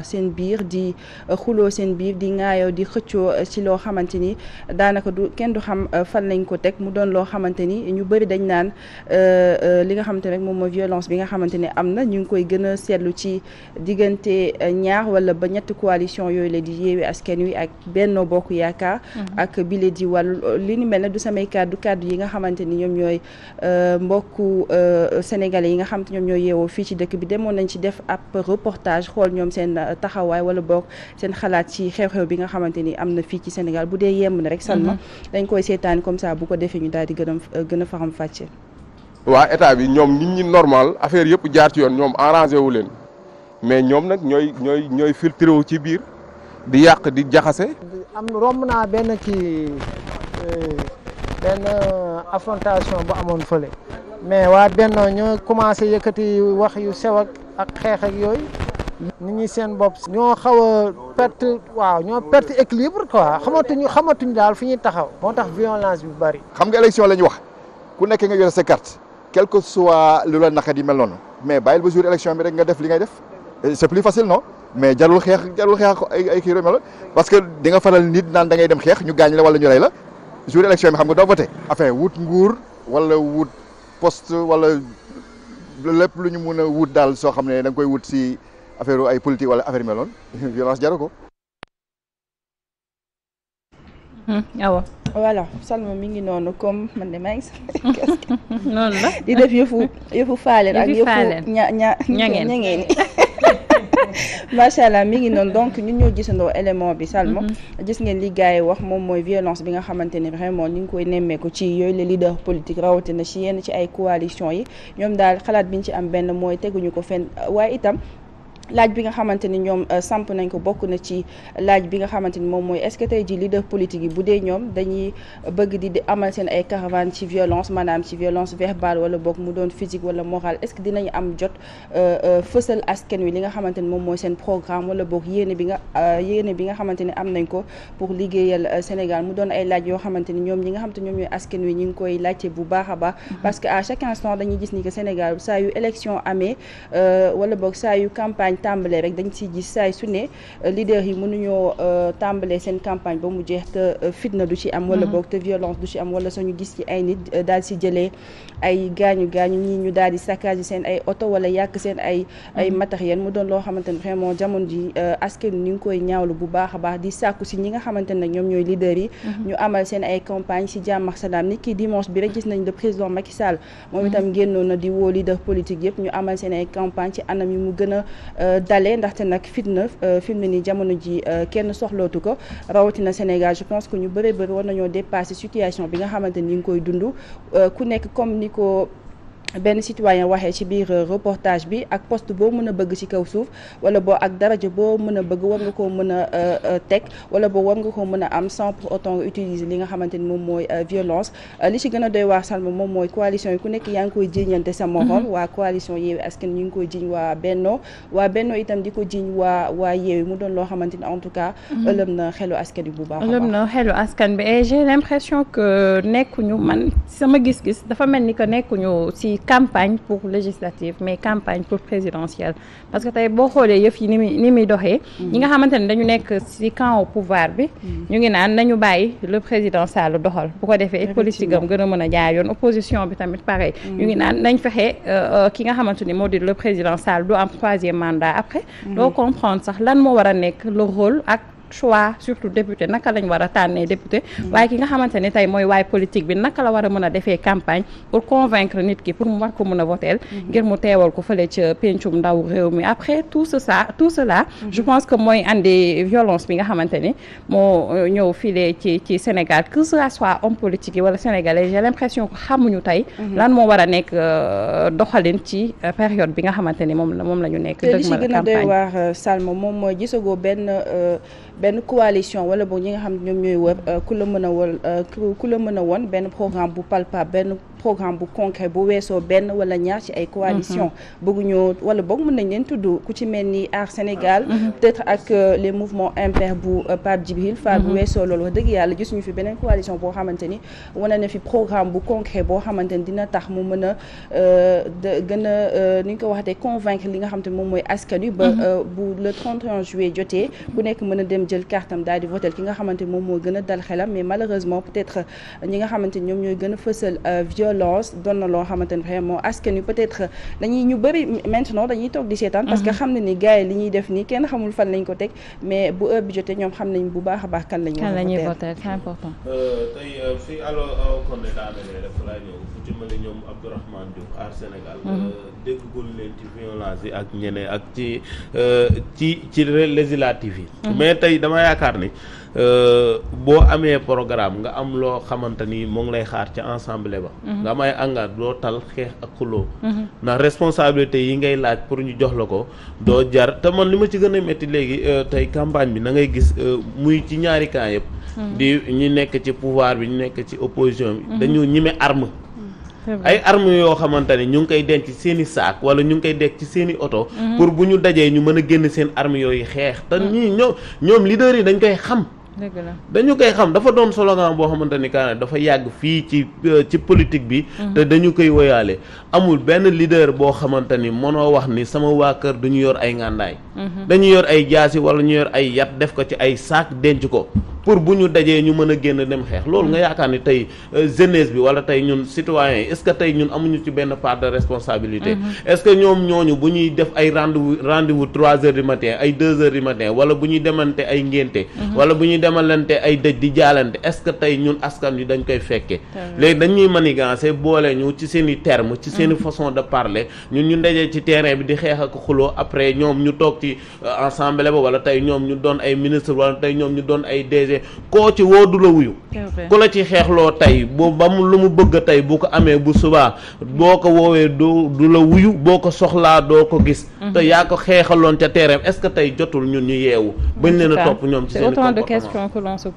seen biir di eh, xuloo seen biir di ŋaayoo di xëccoo eh, ci loo xamante ni daanaka du kenn du xam eh, fan lañ ko teg mu doon loo xamante ni ñu bëri dañ naan li nga xamante ne rek moom mooy violence bi nga xamante ne am na ñu ngi koy gën a seetlu ci diggante ñaar wala ba ñetti coalition yooyu la di Yewwi Askan Wi ak Benno Bokk Yaakaar mm-hmm. ak bile di wal li ni mel ne du samay kàddu kàddu yi nga xamante ni ñoom ñooy mbokku sénégalais yi nga xamante ñoom ñooy yeewoo fii ci dëkk bi demoon nañ ci def ab xool ñoom seen taxawaay wala boog seen xalaat ci xew-xew bi nga xamante ni am na fii ci Sénégal bu dee yemb na rek Salma mhm. dañ koy seetaan comme sax bu ko defee ñu daal di gën a gën a fàcce waa état bi ñoom nit ñi normal affaire yëpp jaar ci yoon ñoom arrangé wu leen mais ñoom nag ñooy ñooy ñooy filtré wu ci biir di yàq di jaxase am romb naa benn kii euh, benn affrontation bu amoon fële mais waa benn ñoo commencé yëkkati wax yu sew ak ak xeex ak yooyu nit ñi seen bopp ñoo xaw a perte waaw ñoo perte équilibre quoi xamatuñu xamatuñu daal fi ñuy taxaw moo tax violence bi bari xam nga élection la ñu wax ku nekkee nga yore sa carte quel que soit lu la naqat yi mel mais bàyyil ba jour bi rek nga def li ngay def c'est plus facile no mais jarul xeex jarul xeex ay ay kii la parce que di nga faral nit naan da ngay dem xeex ñu gaañ la wala ñu rey la jour élection bi xam nga doo voté enfin wut nguur wala wut post wala lépp lu ñu mun a wut daal soo xam ne da nga koy wut si affaire ay politique wala affaire meloon violence jaru ko. Hmm, awa. Salma mi ngi noonu comme man de maa ngi sama casque. noonu yëfu yëfu faaleen ak yëfu ña ña ñangeen ñangeen macha mi ngi noonu donc ñu ñoo gisandoo élément bi Salma mm-hmm. gis ngeen li gars yi wax moom mooy violence bi nga xamante ne vraiment ñu ngi koy nemmeeku ci yooyu la leader politique rawatina ci yenn ci ay coalition yi ñoom daal xalaat bi ñu ci am benn mooy teguñu ko fenn waaye itam laaj bi nga xamante ni ñoom euh, samp nañ ko bokk na ci laaj bi nga xamante ni moom mooy est-ce que tey ji leader politique yi bu dee ñoom dañuy bëgg di amal seen ay caravane ci violence maanaam ci violence verbale wala boog mu doon physique wala morale est-ce que dinañ am jot euh, euh, fësal askan wi li nga xamante ni moom mooy seen programme wala boog yéene bi nga yéene bi nga xamante ni am nañ ko pour liggéeyal Sénégal mu doon ay laaj yoo xamante ni ñoom ñi nga xamante ñoom ñooy askan wi ñu ngi koy laajte bu baax a baax mm-hmm. parce que à chaque gis ni que Sénégal saa yu amee wala boog saa yu campagne tàmbalee rek dañ si gis saay su ne euh, leader yi mënuñoo euh, tàmbalee seen campagne ba mu jeex te euh, fitna du ci am wala mm-hmm. boog te violence du ci am wala sañu gis ci ay nit daal si jëlee ay gaañu gaañu ñii ñu daal di saccage seen ay oto wala yàq seen ay ay mm-hmm. matériel mu doon loo xamante ne vraiment jamono ji askan ni ngi koy ñaawlu bu baax a baax di sàkku si ñi nga xamante ne ñoom ñooy leader yi mm-hmm. ñu amal seen ay campagne si jàmmax ak salaam ni ki dimanche bi rek gis nañ le président Macky Sall moom itam génnoon na di woo leader politique yëpp ñu amal seen ay campagne ci anam yi mu gën a Euh, dalee ndaxte nag fitna euh, fi mu nii jamono ji euh, kenn soxlootu ko rawatina Sénégal je pense que ñu bëree bëri war nañoo dépasser situation bi nga xamante ni ngi koy dund ku nekk comme ni ko benn citoyen waxee ci biir reportage bi ak poste boo mën a bëgg ci kaw suuf wala boo ak daraja boo mën a bëgg war nga koo mën a euh, euh, teg wala boo war nga koo mën a am sans pour utiliser li nga xamante ni moom mooy euh, violence li ci gën a doy waar Salma moom mooy coalition yi ku nekk yaa ngi koy jiiñante sa morom mm-hmm. waa coalition Yewwi Askan ñu ngi koy jiiñ waa Benno waa Benno itam di ko jiiñ waa waa Yewwi mu doon loo xamante ni en tout cas mm-hmm. ëlëm na xelu askan bi bu baax ëlëm na xelu askan bi et j'ai l'impression que nekkuñu man sama gis-gis dafa mel ni que nekkuñu si campagne pour législative mais campagne pour présidentielle parce que tey boo xoolee yëf yi ni muy ni muy doxee ñi nga xamante ne dañu nekk ci camp au pouvoir bi ñu ngi naan nañu bàyyi le président Sall doxal bu ko defee politique am gën a mën a jaay yoon opposition bi tamit pareil mm. ñu ngi naan nañ fexe euh, euh, ki nga xamante ni moo di le président Sall du am troisième mandat après mm. doo comprendre sax lan moo war a nekk le rôle ak choix surtout député naka lañ war a tànnee député waaye ki nga xamante tey mooy waay politique bi naka la war a mën a defee campagne pour convaincre nit ki pour mu war ko mën a voter mhm. ngir mu teewal ko fële ca pencum ndaw réew mi après tout ce ça tout cela mhm. je pense que mooy andi violence bi nga xamante ni moo euh, ñëw file ci ci Sénégal que ce soit homme politique yi wala sénégalais j'ai l'impression que xamuñu tey mhm. lan moo war a nekk euh, doxalin ci euh, période bi nga xamante ni moom la la ñu nekk dëgg ma benn coalition wala boog ñi nga xam ñoom ñooy wër euh, ku la mën a wol euh, ku la mën a won benn programme bu palpable benn programme bu concret bu weesoo benn wala ñaar ci ay coalition mhm. bëgguñoo wala boog mën nañ leen tudd ku ci mel ni Aar Sénégal mhm. peut ak euh, les mouvement impairs bu Pape Djibril Fall bu mhm. weesoo loolu wax dëgg yàlla gisuñu fi beneen coalition boo xamante ni wane na fi programme bu concret boo xamante ni dina tax mu mën a gën a ni ñu ko waxatee convaincre li nga xam te moom mooy askan wi ba bu le 31 juillet jotee jël kartam daal di voté ki nga xamante moom moo gën a dal xelam mais malheureusement peut-être euh, ñi nga xamante ñoom ñooy gën a fësal euh, violence doon na loo xamante ne vraiment askan wi peut-être euh, dañuy ñu bëri maintenant dañuy toog di seetaan parce que mhm. xam ne ni gars yi li ñuy def nii kenn xamul fan nañ ko teg mais bu heure jotee ñoom xam nañ bu baax a baax kan lañu kan lañuy voté c'est important tey fii alo konne daanale rek laa fu ci ñoom Abdourahmane Diouf Sénégal mhm. déggul leen ak ñeneen ak ci ci ci législative tey dama yaakaar ni euh, boo amee programme nga am loo xamante ni moo lay xaar ca ensemble ba. Mhm. nga am ay angaat doo tal xeex ak xuloo mhm. ndax responsabilité yi ngay laaj pour ñu jox la ko doo jar te man li ma ci gën a métti léegi euh, tey campagne bi nangay gis euh, muy ci ñaari camp yëpp. Mhm. di ñu nekk ci pouvoir bi ñu nekk ci opposition bi. dañu ñime arme. ay armes yoo xamante ne ñu ngi koy denc seen i saak wala ñu ngi koy denc ci seen i oto mhm. pour bu ñu dajee ñu mën a génn seen armes yooyu xeex te mhm. ñii ñoom ñoom leaders yi dañ koy xam dañu koy xam dafa doon slogan boo xamante ni kaane dafa yàgg fii ci euh, ci politique bi. Mhm. te dañu koy woyaale amul benn leader boo xamante ni mënoo wax ni sama waa kër du yor ay ngàndaay. dañu yor ay jaasi wala ñu yor ay yat def ko ci ay saak denc ko. pour bu ñu dajee ñu mën a génn dem xeex loolu nga yaakaar ni tey euh, jeunesse bi wala tey ñun citoyens yi ce que tey ñun amuñu ci benn part de responsabilité mm-hmm. est-ce que ñoom ñooñu bu ñuy def ay rendez-vous rendez-vous trois heures du deux heures du wala bu ñuy demante ay ngénte mm-hmm. wala bu ñuy demalante ay dëj di jaalante est-ce que tey ñun askan wi dañ koy fekkee léegi dañuy manigancé boole ñu ci seen i termes ci mm-hmm. de parler ñun ñu dajee ci terrain bi di xeex ak xuloo après ñoom ñu toog ci euh, ensemble ba wala tey ñoom ñu doon ay ministre wala tey ñoom ñu doon ay DG université koo ci woo du la wuyu ku la ci xeexloo tey boo ba mu lu mu bëgg tey bu ko amee bu subaa boo ko woowee du du la wuyu boo ko soxlaa doo ko gis mhm. te yaa ko xeexaloon ca teereem est-ce que tey jotul ñun ñu yeewu bañ leen a topp ñoom ci seen de questions que l'on se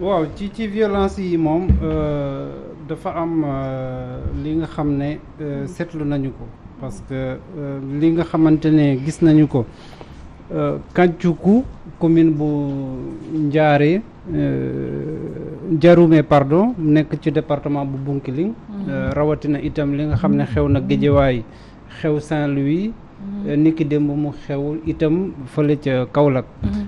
waaw ci ci violence yi moom euh, dafa am euh, li nga xam ne euh, seetlu nañu ko parce que li nga xamante ne gis nañu ko kàncuku commune bu Ndiaré euh, Diaroumé pardon nekk ci département bu Bounkiling mhm. euh, rawatina itam li nga xam ne xew na mhm. Guédiawaye xew Saint-Louis mhm. euh, niki démb mu xew itam fële ca Kaolack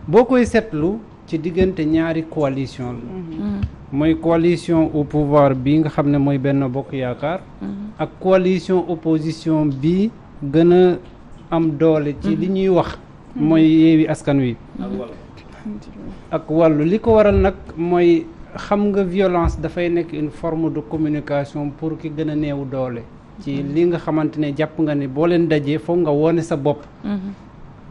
boo koy seetlu ci diggante ñaari coalition la mooy coalition au pouvoir bi nga xam ne mooy benn Bokk Yaakaar ak coalition opposition bi gën a am doole ci li ñuy wax mooy Yewwi Askan Wi ak wàllu li ko waral nag mooy xam nga violence dafay nekk une forme de communication pour ki gën a néew doole ci li nga xamante ne jàpp nga ne boo leen dajee foog nga woone sa bopp mm-hmm.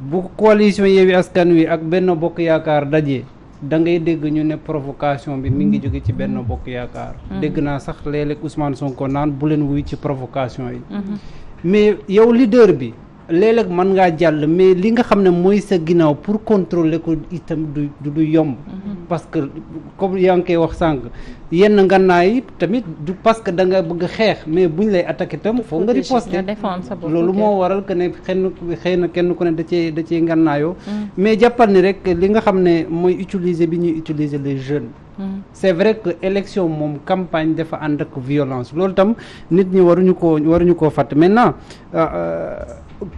bu coalition Yewwi Askan Wi ak benn Bokk Yaakaar daje da ngay dégg ñu ne provocation bi mi ngi jóge ci benn Bokk Yaakaar mm-hmm. dégg naa sax léeg-léeg Ousmane Sonko naan bu leen wuy ci provocation yi mm-hmm. mais yow leader bi léeg-léeg ngaa jàll mais li nga xam ne mooy sa ginnaaw pour contrôler ko itam du du yomb. Mhm. parce que comme yaa ngi koy wax sànq yenn ngannaay tamit du parce que da nga bëgg xeex mais buñ lay attaqué itam foo nga riposter loolu moo waral que ne xenn xëy na kenn ku ne da cee da cee ngànnaayoo. Mhm. mais jàppal ni rek li nga xam ne mooy utiliser bi ñuy utiliser les jeunes. Mhm. c'est vrai que élection moom campagne dafa ànd ak violence loolu tam nit ñi waruñu ko waruñu koo fàtte maintenant. Euh, euh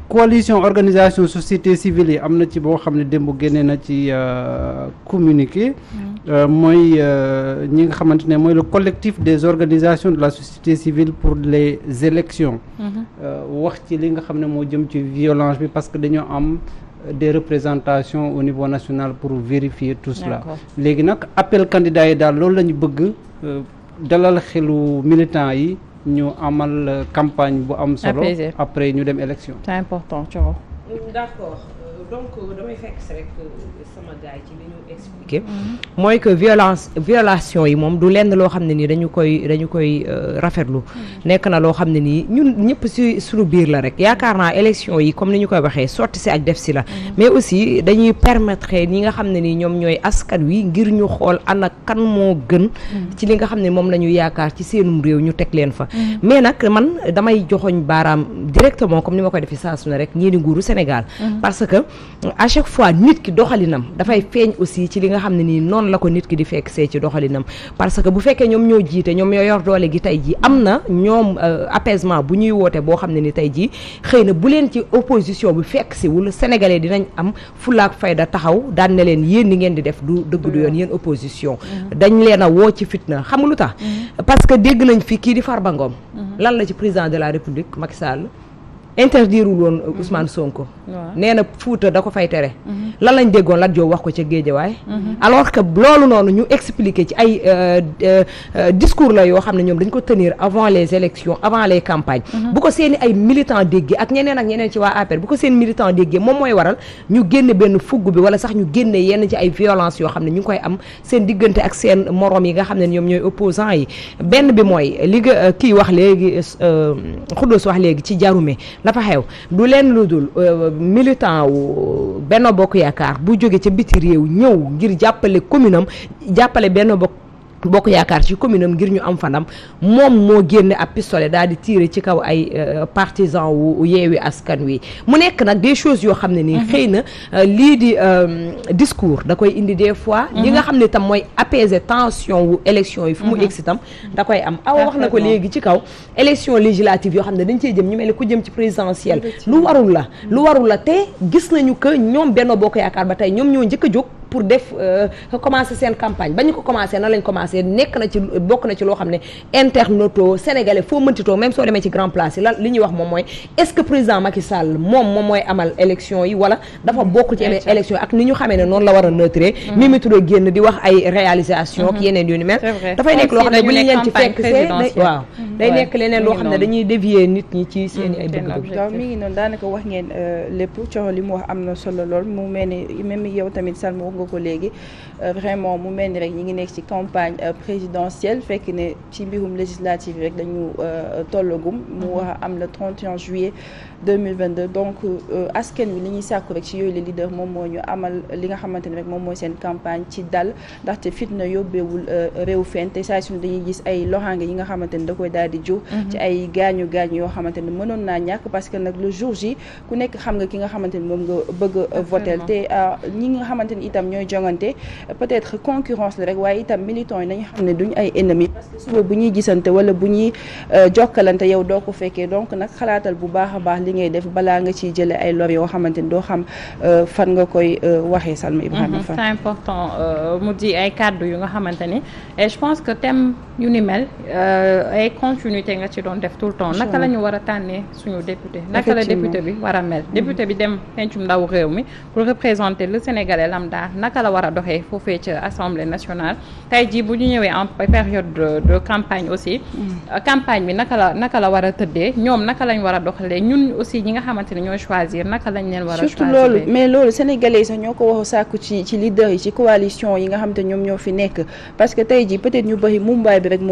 coalition organisation société civile yi am na ci boo xam ne démb génne na ci euh, communiqué mm. euh, mooy euh, ñi nga xamante ne mooy le collectif des organisations de la société civile pour les élections mm-hmm. wax ci li nga xam ne moo jëm ci violence bi parce que dañoo am des représentations au niveau national pour vérifier tout cela léegi nag appel candidat yi daal loolu lañu bëgg dalal xelu militants yi ñu amal campagne bu am solo après ñu dem élection c'est important Thioro d'accord donc damay fekk si rek euh, sama gars ci li ñu mooy que violence violation yi moom du lenn loo xam ne nii dañu koy dañu koy euh, rafetlu. Hmm. nekk na loo xam ne nii ñun ñëpp si sunu biir la rek yaakaar naa élection yi comme ni ñu koy waxee sotti si ak def si la. Hmm. mais aussi dañuy permettre ni nga xam ne nii ñoom ñooy askan wi ngir ñu xool ana kan moo gën. Hmm. ci li nga xam ne moom la ñu yaakaar ci seenum réew ñu teg leen fa. mais nag man damay joxoñ baaraam directement comme ni ma koy defee rek ñii di nguuru Sénégal. a chaque fois nit ki doxalinam dafay feeñ aussi ci li nga xam ne nii noonu la ko nit ki di fekk see ci doxalinam parce que bu fekkee ñoom ñoo jiite ñoom ñoo yor doole gi tey jii am na ñoom euh, apaisement bu ñuy woote boo xam ne ni tey jii xëy na bu leen ci opposition bi fekk si wul sénégalais dinañ am fulaak fayda taxaw daan ne leen yéen li ngeen di def du dëgg du yoon yéen opposition mm-hmm. dañ leen a woo ci fitna xamulu nga lu tax mm-hmm. parce que dégg nañ fii kii di Farba Ngom mm-hmm. lan la ci président de la république Macky Sall interdirul woon mhm. Ousmane Sonko. nee na Fuuta da ko fay tere. Mhm. lan lañ déggoon Lat Diop wax ko ca Géejawaay. Mhm. alors que loolu noonu ñu expliquer ci ay euh, euh, euh, discours la yoo xam ne ñoom dañ ko tenir avant les élections avant les campagnes. bu ko ay militants déggee ak ñeneen ak ñeneen ci waa APR bu ko seen militant déggee moom mooy waral ñu génne benn bi wala sax ñu génne yenn ci ay violence yoo xam ne ñu ngi koy am seen diggante ak morom yi nga xam ne ñoom ñooy opposants yi benn bi mooy li nga kii wax léegi Xuddoos wax léegi ci Jarume. la xew du leen lu dul euh, militant wu benn Bokk Yaakaar bu jóge ca biti réew ñëw ngir jàppale commune am jàppale benn Bokk bokk yaakaar ci commune am ngir ñu am fanam moom moo génne ab pistolet daal di tirer ci kaw ay euh, partisan wu yeewi askan wi mu nekk nag des choses yoo xam ne nii mhm. xëy na euh, lii di euh, discours da koy indi des fois li nga mhm. xam ne tam mooy apaiser tension wu élection yi fu mu mhm. egg si tam da koy am aw wax na ko léegi ci kaw élection législative yoo xam ne dañ cee jëm ñu mel ne ku jëm ci présidentielle lu warul la lu warul la te gis nañu que ñoom Benno Bokk Yaakaar ba tey ñoom ñoo njëkk a jóg pour def euh, commencer seen campagne ba ñu ko commencé na lañ commencé nekk na ci bokk na ci loo xam ne internauto sénégalais foo mëntitoo même soo demee ci grand place yi lan li ñuy wax moom mooy est-ce que président Macky Sall moom moom mooy amal élection yi wala dafa bokk ci élection yi ak ni ñu xamee ne noonu la war a neutré mm-hmm. Mimi Touré génn di wax ay réalisation ak mm-hmm. yeneen yu ni mel dafay nekk loo xam ne bu ñu leen ci fekk see waaw mm-hmm. day nekk leneen dañuy dévier nit ñi ci seen ay bëgg waaw mi ngi euh, am na solo lool mu mel ni même yow tamit Salma nga ko léegi euh, vraiment mu mel ni rek ñi ngi nekk ci campagne euh, présidentielle fekk ne ci mbirum législative rek dañu euh, tollagum mu mhm. war a am le 31 juillet 2022 donc askan wi li ñuy sàkku rek ci yooyu le leader moom moo ñu amal li nga xamante rek moom mooy seen campagne ci dal ndaxte fitna yóbbeewul réew fen te saa suñu dañuy gis ay loxaange yi nga xamante da koy daal di jur mhm. ci ay gaañu gaañu yoo xamante mënoon naa ñàkk parce nag le jour J ku nekk xam nga ñooy jongante peut-être concurrence la rek waaye itam militants yi nañu xam ne duñ ay ennemis parce que suba bu ñuy gisante wala bu ñuy euh, jokkalante yow doo ko fekkee donc nag xalaatal bu baax a baax li ngay def balaa nga ciy jëlee ay lore yoo xamante ni doo xam euh, fan nga koy euh, waxee Salma Ibrahima mhm, Fall c'est important mu di ay kàddu yu nga xamante ni je pense que tem yu ni mel ay continuité nga ci doon def tout le temps naka la ñu war a tànnee suñu député naka la député bi war a mhm. bi dem pencum ndaw réew mi pour représenter le naka la war a doxee foofee ca assemblée nationale tey jii bu ñu ñëwee en période aussi. Mm. Euh, campagne bi naka la naka la war a tëddee ñoom naka lañ war a doxalee ñun aussi ñi nga xamante ne ñoo choisir naka lañ leen war a. surtout loolu mais loolu sénégalais yi sax ko waxu ci ci leader yi ci coalition yi nga xam te ñoom ñoo fi nekk parce que tey jii peut-être ñu bëri moo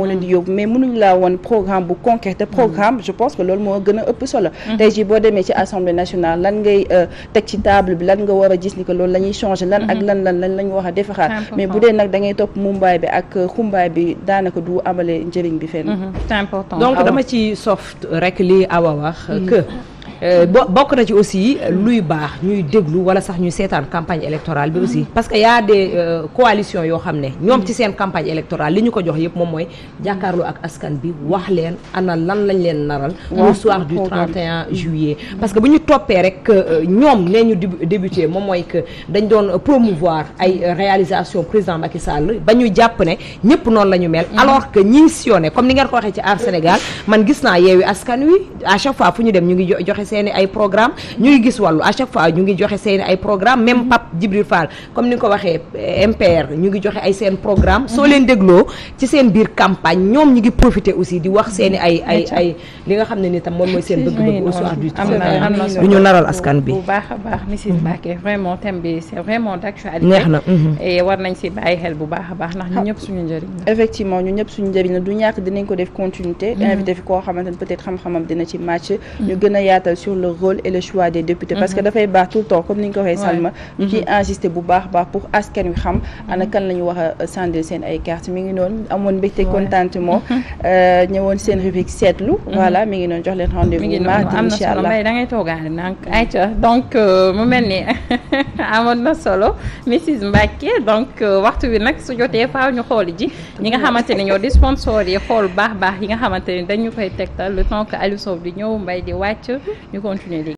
leen di mm. yóbbu mais mënuñ laa woon programme bu concret te mm. programme je que loolu moo gën a ëpp solo. Mm. tey jii boo demee ci assemblée nationale lan ngay euh, teg ci table bi lan nga war a gis ni que loolu la ñuy changer lan ak mm-hmm. lan lan lañ wax a defaxaat mais bu dee nag da ngay topp mumbaay bi ak xumbaay bi daanaka du amale njëriñ bi fenn. Mhm. c'est important donc ah dama ci soft rek li awa wax que Euh, bokk na ci aussi euh, luy baax ñuy déglu wala sax ñuy seetaan campagne électorale bi aussi parce que y a des euh, yoo xam ne ñoom ci seen campagne électorale li ñu ko jox yëpp moom mooy jàkkaarloo ak askan bi wax leen ana lan lañ leen naral au soir du 31 juillet parce que bu ñu toppee rek ñoom nee ñu débuté moom mooy que dañ doon promouvoir ay réalisation président Macky Sall ba ñu jàpp ne ñëpp noonu la ñu mel mm-hmm. alors que ñi ngi sillonné comme ni ngeen ko waxee ci Aar Sénégal man gis naa yeewi askan wi à dem ñu ngi joxe seen i ay programme ñuy gis wàllu a chaque fois ñu ngi joxe seen i ay programme même Pape Djibril Fall comme ni ko waxee eh, MPR ñu ngi joxe ay seen programme soo leen dégloo ci seen biir campagne ñoom ñu ngi profité aussi di wax seen i ay ay ay li nga xam ne ni tam moom mooy seen bëgg-bëgg au soir bi bu baax a baax Mrs mm. Mbacké vraiment thème bi neex na mm-hmm. war nañ si bàyyi xel bu baax a baax ndax ñun ah. ñëpp suñu njëriñ effectivement ñun ñëpp suñu njëriñ la du ñàkk dinañ ko def continuité mm-hmm. invité fi koo xamante ne peut-être xam-xamam dina ci match mm-hmm. ñu gën a sur le rôle et le choix des députés parce que mhm. dafay baax tout le temps comme ni nga ko waxee Salma mhm. ci insister bu baax baax pour askan wi xam mhm. ana kan la a euh, sandil seen ay carte mi ngi noonu amoon mbégte contentement euh, ñëwoon seen rubrique seetlu voilà mi ngi noonu jox leen rendez-vous mardi incha euh, na solo da ngay toogaale nag ayca donc waxtu wi nag su jotee faaw ñu xool ji ñi nga xamante ne ñoo di sponsor yi xool baax baax yi nga xamante ne dañu koy tegtal le temps que Aliou Sow di ñëw mbay di wàcc ñu continuer